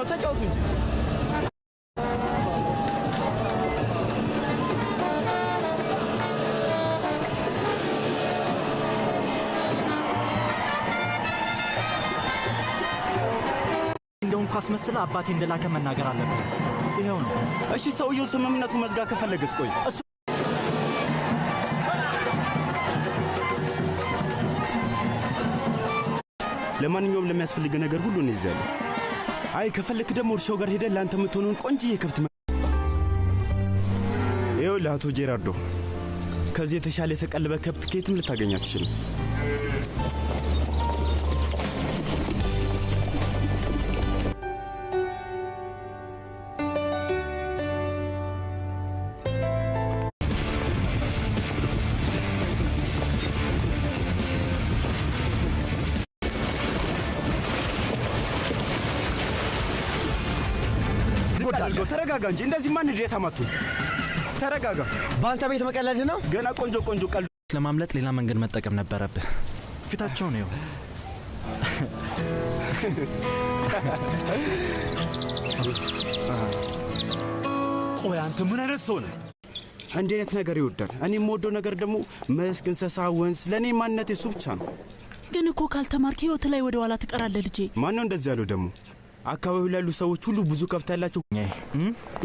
ነው ተጫወቱ እንጂ እንደውን አባቴ እንደላከ መናገር አለበት። ይኸው ነው። እሺ፣ ሰውየው ስምምነቱ መዝጋ ከፈለገስ ቆይ ለማንኛውም ለሚያስፈልገ ነገር ሁሉ ነው አይ ከፈለክ ደግሞ እርሻው ጋር ሄደን ለአንተ የምትሆኑን ቆንጅዬ ከብት ይኸውልህ፣ ለአቶ ጄራርዶ ከዚህ የተሻለ የተቀለበ ከብት ኬትም ልታገኝ አትችልም። አልዶ ተረጋጋ እንጂ እንደዚህ ማን ዴታ ማቱ ተረጋጋ። በአንተ ቤት መቀለድ ነው። ገና ቆንጆ ቆንጆ ቀልድ ለማምለጥ ሌላ መንገድ መጠቀም ነበረብህ። ፊታቸውን ነው ቆይ አንተ ምን አይነት ሰው ነህ? እንዲህ አይነት ነገር ይወዳል። እኔ የምወደው ነገር ደግሞ መስክ፣ እንስሳ፣ ወንዝ ለእኔ ማንነት የሱ ብቻ ነው። ግን እኮ ካልተማርክ ህይወት ላይ ወደ ኋላ ትቀራለህ ልጄ። ማን ነው እንደዚህ ያለው ደግሞ? አካባቢው ላሉ ሰዎች ሁሉ ብዙ ከብት ያላቸው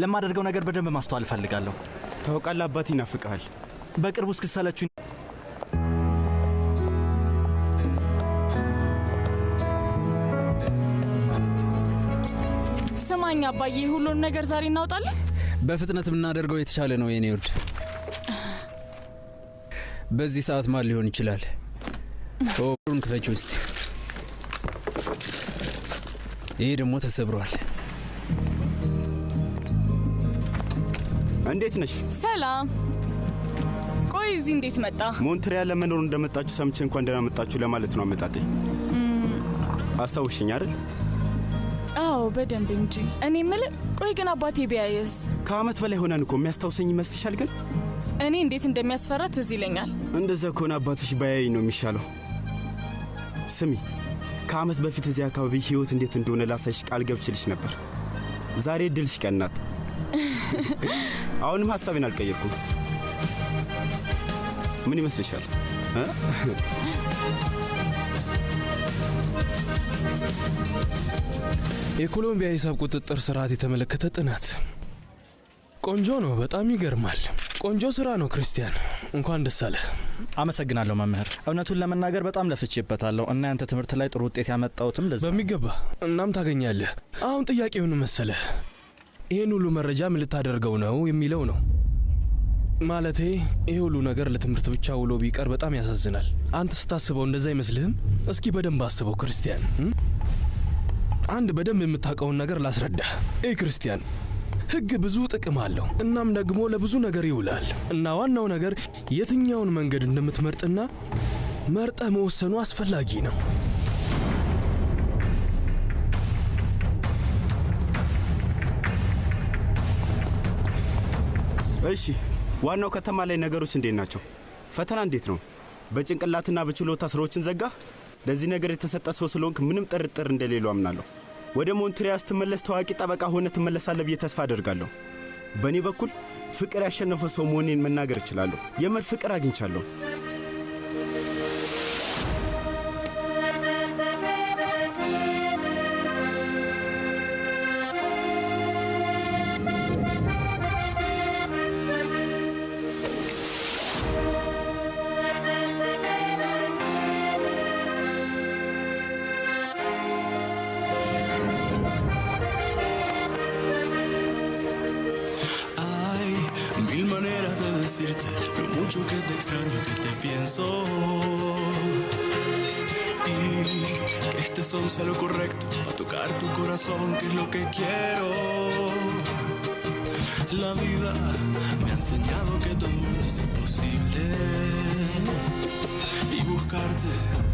ለማደርገው ነገር በደንብ ማስተዋል እፈልጋለሁ። ታውቃለህ፣ አባት ይናፍቀሃል። በቅርቡ እስክሰለችኝ ስማኝ አባዬ፣ ሁሉን ነገር ዛሬ እናውጣለን። በፍጥነት ብናደርገው የተሻለ ነው የኔ ውድ። በዚህ ሰዓት ማን ሊሆን ይችላል? ሩን ክፈች ውስጥ ይሄ ደግሞ ተሰብሯል። እንዴት ነሽ? ሰላም። ቆይ እዚህ እንዴት መጣ? ሞንትሪያል ለመኖር እንደመጣችሁ ሰምቼ እንኳን ደህና መጣችሁ ለማለት ነው አመጣጤ። አስታውሽኝ አይደል? አዎ በደንብ እንጂ። እኔ የምልህ ቆይ ግን አባቴ ቢያየስ? ከአመት በላይ ሆነን እኮ የሚያስታውሰኝ ይመስልሻል? ግን እኔ እንዴት እንደሚያስፈራ ትዝ ይለኛል። እንደዛ ከሆነ አባትሽ ባያይ ነው የሚሻለው። ስሚ ከዓመት በፊት እዚህ አካባቢ ህይወት እንዴት እንደሆነ ላሳይሽ ቃል ገብችልሽ ነበር። ዛሬ ድልሽ ቀናት። አሁንም ሀሳቤን አልቀየርኩም። ምን ይመስልሻል? የኮሎምቢያ ሂሳብ ቁጥጥር ስርዓት የተመለከተ ጥናት ቆንጆ ነው። በጣም ይገርማል። ቆንጆ ስራ ነው። ክርስቲያን እንኳን ደስ አለህ። አመሰግናለሁ መምህር። እውነቱን ለመናገር በጣም ለፍቼበታለሁ እና ያንተ ትምህርት ላይ ጥሩ ውጤት ያመጣውትም ለዛ በሚገባ እናም ታገኛለህ። አሁን ጥያቄውን መሰለ ይህን ሁሉ መረጃ ምን ልታደርገው ነው የሚለው ነው። ማለቴ ይህ ሁሉ ነገር ለትምህርት ብቻ ውሎ ቢቀር በጣም ያሳዝናል። አንተ ስታስበው እንደዛ አይመስልህም? እስኪ በደንብ አስበው ክርስቲያን። አንድ በደንብ የምታውቀውን ነገር ላስረዳህ። ይህ ክርስቲያን ህግ ብዙ ጥቅም አለው። እናም ደግሞ ለብዙ ነገር ይውላል እና ዋናው ነገር የትኛውን መንገድ እንደምትመርጥና መርጠህ መወሰኑ አስፈላጊ ነው። እሺ፣ ዋናው ከተማ ላይ ነገሮች እንዴት ናቸው? ፈተና እንዴት ነው? በጭንቅላትና በችሎታ ስራዎችን ዘጋህ? ለዚህ ነገር የተሰጠ ሰው ስለሆንክ ምንም ጥርጥር እንደሌለው አምናለሁ። ወደ ሞንትሪያል ስትመለስ ታዋቂ ጠበቃ ሆነ ትመለሳለ ብዬ ተስፋ አደርጋለሁ። በእኔ በኩል ፍቅር ያሸነፈ ሰው መሆኔን መናገር እችላለሁ። የምር ፍቅር አግኝቻለሁ። este son sea correcto para tocar tu corazón, que es lo que quiero. La vida me ha enseñado que todo es imposible y buscarte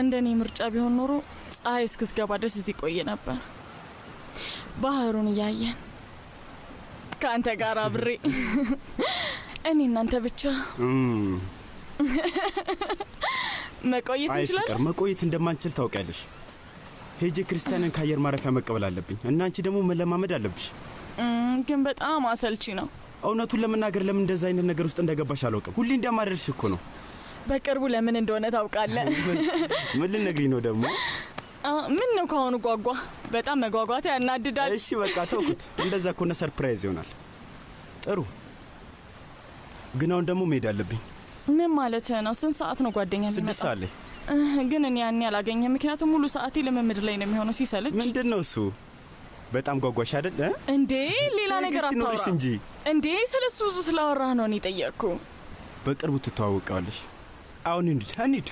እንደ እኔ ምርጫ ቢሆን ኖሮ ፀሐይ እስክትገባ ድረስ እዚህ ቆየ ነበር፣ ባህሩን እያየን ከአንተ ጋር አብሬ እኔ እናንተ ብቻ መቆየት እንችላለን። መቆየት እንደማንችል ታውቂያለሽ። ሄጄ ክርስቲያንን ከአየር ማረፊያ መቀበል አለብኝ እናንቺ ደግሞ መለማመድ አለብሽ። ግን በጣም አሰልቺ ነው። እውነቱን ለመናገር ለምን እንደዛ አይነት ነገር ውስጥ እንደገባሽ አላውቅም። ሁሌ እንደማደርሽ እኮ ነው በቅርቡ ለምን እንደሆነ ታውቃለህ። ምን ልነግሪኝ ነው ደግሞ? ምን ነው ከአሁኑ ጓጓ? በጣም መጓጓት ያናድዳል። እሺ በቃ ተውኩት። እንደዛ ከሆነ ሰርፕራይዝ ይሆናል። ጥሩ ግን አሁን ደግሞ መሄድ አለብኝ። ምን ማለት ነው? ስንት ሰዓት ነው ጓደኛ? ስድስት ሰዓት ላይ ግን እኔ ያኔ አላገኘ። ምክንያቱም ሙሉ ሰዓቴ ልምምድ ላይ ነው የሚሆነው። ሲሰልች። ምንድን ነው እሱ በጣም ጓጓሽ አይደል እንዴ? ሌላ ነገር አታውራ እንጂ እንዴ። ስለሱ ብዙ ስላወራህ ነው እኔ ጠየቅኩ። በቅርቡ ትተዋወቀዋለሽ። አሁን እንሂድ እንሂድ።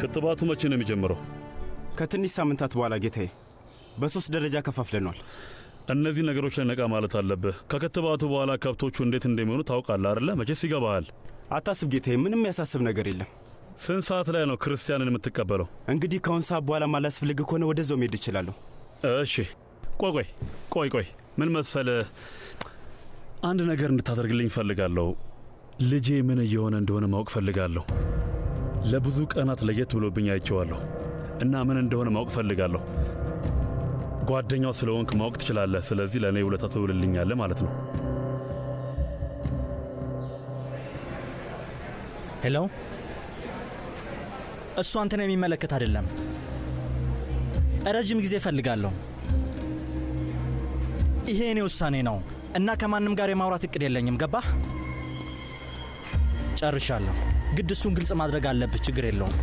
ክትባቱ መቼ ነው የሚጀምረው? ከትንሽ ሳምንታት በኋላ ጌታዬ። በሶስት ደረጃ ከፋፍለኗል። እነዚህ ነገሮች ላይ ነቃ ማለት አለብህ። ከክትባቱ በኋላ ከብቶቹ እንዴት እንደሚሆኑ ታውቃለ አይደለ? መቼስ ይገባሃል። አታስብ ጌታዬ፣ ምንም ያሳስብ ነገር የለም። ስንት ሰዓት ላይ ነው ክርስቲያንን የምትቀበለው? እንግዲህ ከአሁን ሰዓት በኋላ ማላስፈልግ ከሆነ ወደዛው መሄድ እችላለሁ። እሺ፣ ቆይ ቆይ ቆይ ቆይ፣ ምን መሰለ፣ አንድ ነገር እንድታደርግልኝ ፈልጋለሁ ልጄ ምን እየሆነ እንደሆነ ማወቅ ፈልጋለሁ። ለብዙ ቀናት ለየት ብሎብኝ አይቼዋለሁ እና ምን እንደሆነ ማወቅ ፈልጋለሁ። ጓደኛው ስለሆንክ ማወቅ ትችላለህ። ስለዚህ ለእኔ ውለታ ትውልልኛለህ ማለት ነው። ሄሎ እሱ አንተን የሚመለከት አይደለም። ረዥም ጊዜ እፈልጋለሁ። ይሄ እኔ ውሳኔ ነው እና ከማንም ጋር የማውራት እቅድ የለኝም። ገባህ? ጨርሻለሁ። ግድ እሱን ግልጽ ማድረግ አለብህ። ችግር የለውም።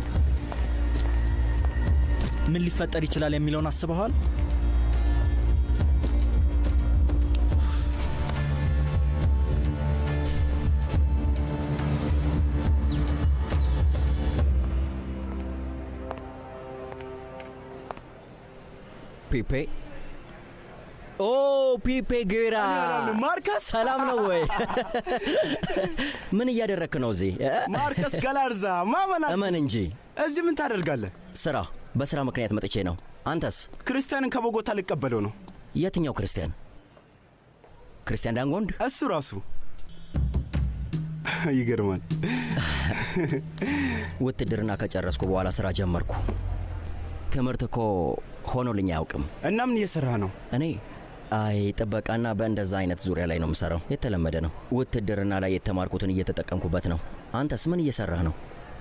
ምን ሊፈጠር ይችላል የሚለውን አስበኋል? ፒፔ ኦ ፒፔ ግራ ማርከስ፣ ሰላም ነው ወይ? ምን እያደረክ ነው እዚህ? ማርከስ ገላርዛ ማመላ እመን እንጂ እዚህ ምን ታደርጋለህ? ስራ፣ በስራ ምክንያት መጥቼ ነው። አንተስ? ክርስቲያንን ከቦጎታ ልቀበለው ነው። የትኛው ክርስቲያን? ክርስቲያን ዳንጎንድ? እሱ ራሱ። ይገርማል። ውትድርና ከጨረስኩ በኋላ ስራ ጀመርኩ። ትምህርት እኮ ሆኖልኝ አያውቅም። እና ምን እየሰራ ነው? እኔ አይ ጥበቃና በእንደዛ አይነት ዙሪያ ላይ ነው የምሰራው። የተለመደ ነው። ውትድርና ላይ የተማርኩትን እየተጠቀምኩበት ነው። አንተስ ምን እየሰራህ ነው?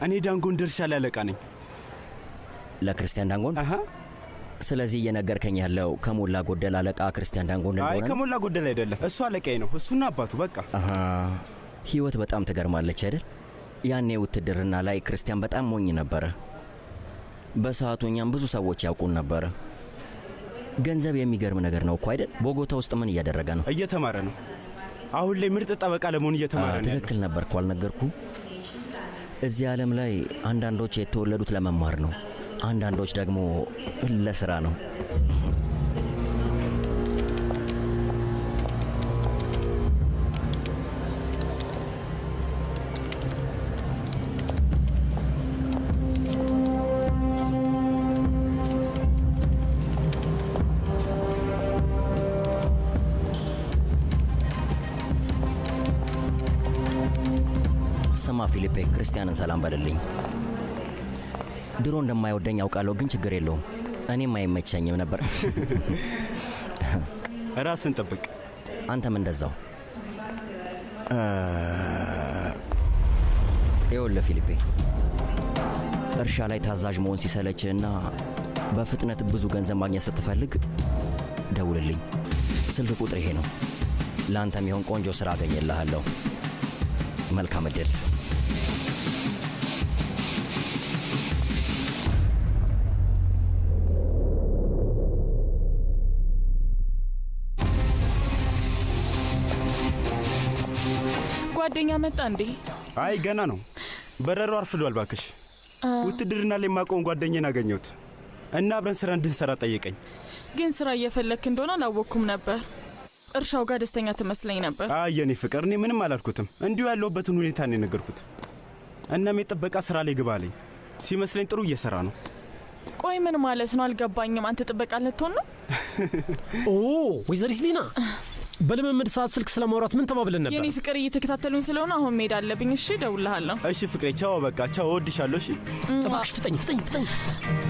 እኔ ዳንጎን ድርሻ ላይ አለቃ ነኝ። ለክርስቲያን ዳንጎን ስለዚህ እየነገርከኝ ያለው ከሞላ ጎደል አለቃ ክርስቲያን ዳንጎን አይ ከሞላ ጎደል አይደለም፣ እሱ አለቃዬ ነው። እሱና አባቱ በቃ። ህይወት በጣም ትገርማለች አይደል? ያኔ ውትድርና ላይ ክርስቲያን በጣም ሞኝ ነበረ። በሰዓቱ እኛም ብዙ ሰዎች ያውቁን ነበር ገንዘብ የሚገርም ነገር ነው እኮ አይደል? ቦጎታ ውስጥ ምን እያደረገ ነው? እየተማረ ነው። አሁን ላይ ምርጥ ጠበቃ ለመሆን እየተማረ ነው። ትክክል ነበር እኮ አልነገርኩ። እዚህ ዓለም ላይ አንዳንዶች የተወለዱት ለመማር ነው፣ አንዳንዶች ደግሞ ለስራ ነው። ልቤ ክርስቲያንን ሰላም በልልኝ። ድሮ እንደማይወደኝ ያውቃለሁ ግን ችግር የለውም። እኔም አይመቸኝም ነበር። ራስን ጠብቅ፣ አንተም እንደዛው። ይኸውልህ ፊሊፔ እርሻ ላይ ታዛዥ መሆን ሲሰለች እና በፍጥነት ብዙ ገንዘብ ማግኘት ስትፈልግ ደውልልኝ። ስልክ ቁጥር ይሄ ነው። ለአንተም ይሆን ቆንጆ ሥራ አገኝልሃለሁ። መልካም እድል። ጓደኛ መጣ እንዴ? አይ ገና ነው። በረሮ አርፍዷል። ባክሽ ውትድርና ላይ የማውቀውን ጓደኛን አገኘሁት እና አብረን ስራ እንድንሰራ ጠየቀኝ። ግን ስራ እየፈለክ እንደሆነ አላወቅኩም ነበር። እርሻው ጋር ደስተኛ ትመስለኝ ነበር። አይ የኔ ፍቅር፣ እኔ ምንም አላልኩትም። እንዲሁ ያለሁበትን ሁኔታ ነው የነገርኩት። እናም የጥበቃ ስራ ላይ ግባ አለኝ። ሲመስለኝ ጥሩ እየሰራ ነው። ቆይ ምን ማለት ነው? አልገባኝም። አንተ ጥበቃ ልትሆን ነው? ኦ ወይዘሪት ሊና በልምምድ ሰዓት ስልክ ስለማውራት ምን ተባብለን ነበር? የኔ ፍቅር እየተከታተሉን ስለሆነ አሁን መሄድ አለብኝ። እሺ እደውልልሃለሁ። እሺ ፍቅሬ፣ ቻው። በቃ ቻው፣ እወድሻለሁ። እሺ እባክሽ ፍጠኝ፣ ፍጠኝ፣ ፍጠኝ።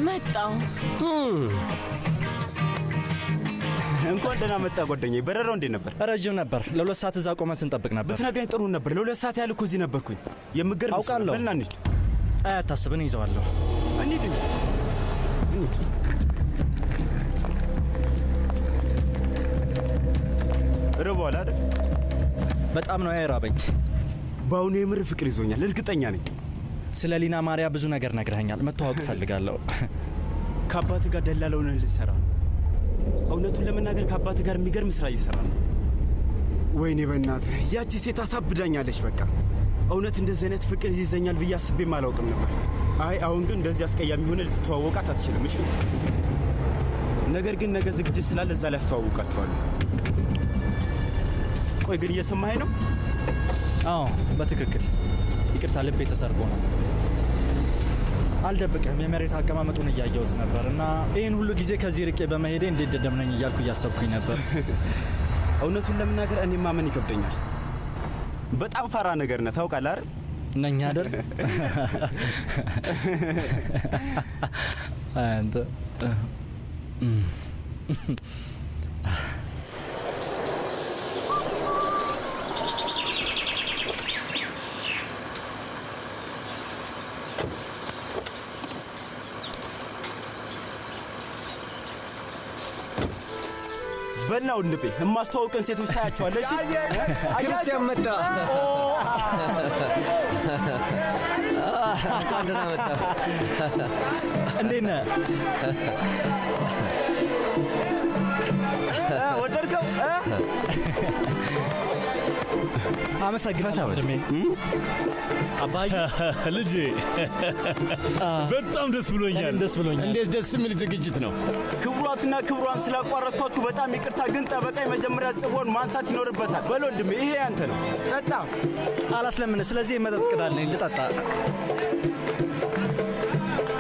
መጣሁ። እንኳን ደህና መጣ ጓደኛዬ። በረራው እንዴት ነበር? ረጅም ነበር። ለሁለት ሰዓት እዛ ቆመን ስንጠብቅ ነበር። ብትነግረኝ ጥሩ ነበር። ለሁለት ሰዓት ያህል እኮ እዚህ ነበርኩኝ። የምገርም አውቃለሁ። በልና እንሂድ። አያታስብን፣ ይዘዋለሁ። እንሂድ እንሂድ ከበላው በኋላ አይደል? በጣም ነው ያራበኝ። በአሁኑ የምር ፍቅር ይዞኛል፣ እርግጠኛ ነኝ። ስለ ሊና ማርያ ብዙ ነገር ነግረኛል፣ መተዋወቅ እፈልጋለሁ። ከአባት ጋር ደላላ ልሰራ ነው። እውነቱን ለመናገር ከአባት ጋር የሚገርም ስራ እየሰራ ነው። ወይኔ በእናት ያቺ ሴት አሳብዳኛለች። በቃ እውነት እንደዚህ አይነት ፍቅር ይዘኛል ብዬ አስቤም አላውቅም ነበር። አይ አሁን ግን እንደዚህ አስቀያሚ ሆነ ልትተዋወቃት አትችልም። እሺ ነገር ግን ነገ ዝግጅት ስላለ እዛ ላይ አስተዋውቃችኋለሁ። ቆይ ግን እየሰማኸኝ ነው? አዎ በትክክል ይቅርታ፣ ልቤ ተሰርቆ ነው። አልደብቅም፣ የመሬት አቀማመጡን እያየሁት ነበር እና ይህን ሁሉ ጊዜ ከዚህ ርቄ በመሄዴ እንዴት ደደምነኝ እያልኩ እያሰብኩኝ ነበር። እውነቱን ለመናገር እኔ ማመን ይከብደኛል። በጣም ፈራ ነገር ነህ ታውቃለህ አይደል? ነኝ አይደል? አንተ በላው ልቤ የማስተዋውቀን ሴቶች ታያቸዋለሽ። ክርስቲያን መጣ። እንዴት ነህ? ወደድከው? አመሰግናለሁ አባዬ ልጄ በጣም ደስ ብሎኛል። ደስ ብሎኛል። እንዴት ደስ የሚል ዝግጅት ነው። ክቡራትና ክቡራን ስላቋረጥኳችሁ በጣም ይቅርታ፣ ግን ጠበቃ የመጀመሪያ ጽፎን ማንሳት ይኖርበታል። በል ወንድሜ፣ ይሄ ያንተ ነው። ጠጣ። አላስለምን። ስለዚህ መጠጥ ቅዳለኝ፣ ልጠጣ።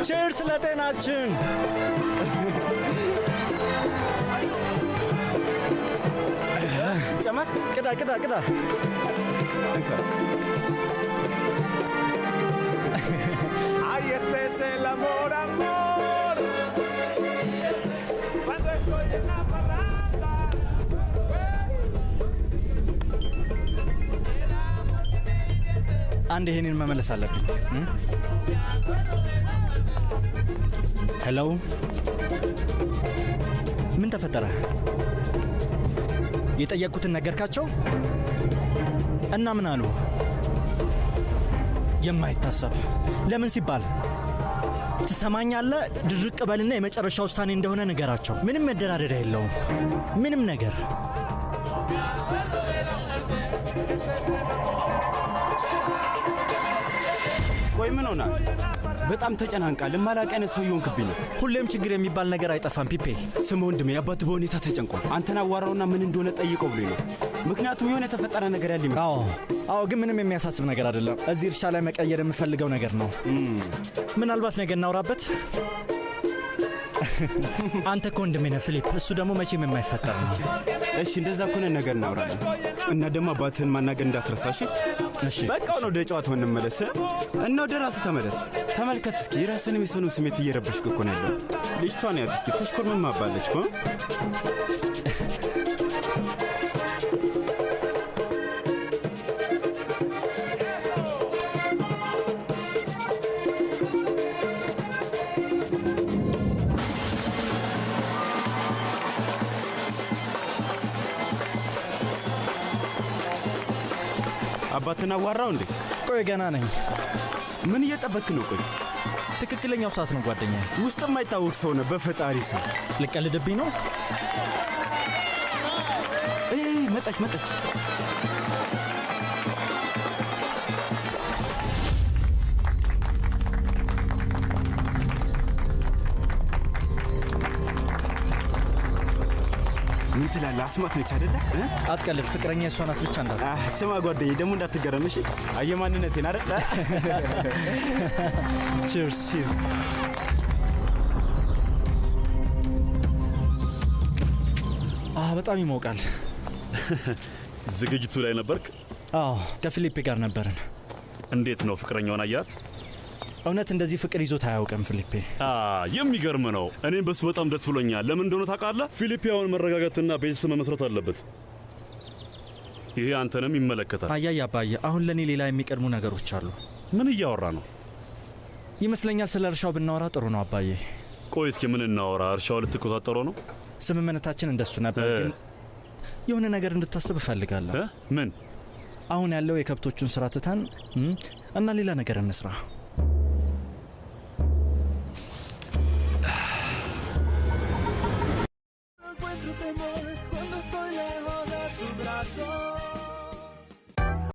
ቼር ስለ ጨመር። ቅዳ ቅዳ ቅዳ Ay, este es el amor, amor. Cuando estoy en la parranda. አንድ ይሄንን መመለስ አለብኝ። ሄሎ፣ ምን ተፈጠረ? የጠየቅኩትን ነገርካቸው? እና ምን አሉ? የማይታሰብ ለምን ሲባል ትሰማኛለ? ድርቅ በልና የመጨረሻ ውሳኔ እንደሆነ ንገራቸው። ምንም መደራደሪያ የለውም። ምንም ነገር ቆይ፣ ምን ሆና በጣም ተጨናንቃ ማላቅ አይነት ሰው የሆንክብኝ ነው። ሁሌም ችግር የሚባል ነገር አይጠፋም። ፒፔ ስም ወንድሜ፣ አባት በሁኔታ ተጨንቋል። አንተን አዋራውና ምን እንደሆነ ጠይቀው ብሎኝ ነው ምክንያቱም የሆነ የተፈጠረ ነገር ያለ ይመስል። አዎ ግን ምንም የሚያሳስብ ነገር አይደለም። እዚህ እርሻ ላይ መቀየር የምፈልገው ነገር ነው። ምናልባት ነገ እናውራበት። አንተ እኮ ወንድሜ ነህ ፊሊፕ፣ እሱ ደግሞ መቼም የማይፈጠር ነው። እሺ፣ እንደዛ ኮነ ነገር እናውራለን እና ደግሞ አባትህን ማናገር እንዳትረሳሽ። እሺ፣ በቃ ነው። ወደ ጨዋታው እንመለስ እና ወደ ራሱ ተመለስ። ተመልከት እስኪ የራስን የሚሰኑ ስሜት እየረበሽ እኮ ያለው። ልጅቷን ያት እስኪ ተሽኮር ምን ማባለች ኮ አባትን አዋራው እንዴ? ቆይ ገና ነኝ። ምን እየጠበክ ነው? ቆይ ትክክለኛው ሰዓት ነው ጓደኛ። ውስጥ የማይታወቅ ሰው ነህ። በፈጣሪ ሰው ልቀልድብኝ ነው? መጣች መጣች። ስማት ነች አደለ? አትቀልድ። ፍቅረኛ የሷ ናት ብቻ እንዳ ስማ ጓደዬ፣ ደግሞ እንዳትገረም እሺ። አየህ ማንነቴን ቺርስ ቺርስ። በጣም ይሞቃል። ዝግጅቱ ላይ ነበርክ? አዎ፣ ከፊሊፔ ጋር ነበርን። እንዴት ነው ፍቅረኛውን አያት? እውነት እንደዚህ ፍቅር ይዞት አያውቅም ፊሊፔ። የሚገርም ነው። እኔም በሱ በጣም ደስ ብሎኛል። ለምን እንደሆነ ታውቃለህ? ፊሊፔ አሁን መረጋጋትና ቤተሰብ መመስረት አለበት። ይሄ አንተንም ይመለከታል። አያይ አባዬ፣ አሁን ለእኔ ሌላ የሚቀድሙ ነገሮች አሉ። ምን እያወራ ነው? ይመስለኛል ስለ እርሻው ብናወራ ጥሩ ነው አባዬ። ቆይ እስኪ ምን እናወራ? እርሻው ልትቆጣጠሮ ነው? ስምምነታችን እንደሱ ነበር፣ ግን የሆነ ነገር እንድታስብ እፈልጋለሁ። ምን? አሁን ያለው የከብቶቹን ስራ ትተን እና ሌላ ነገር እንስራ።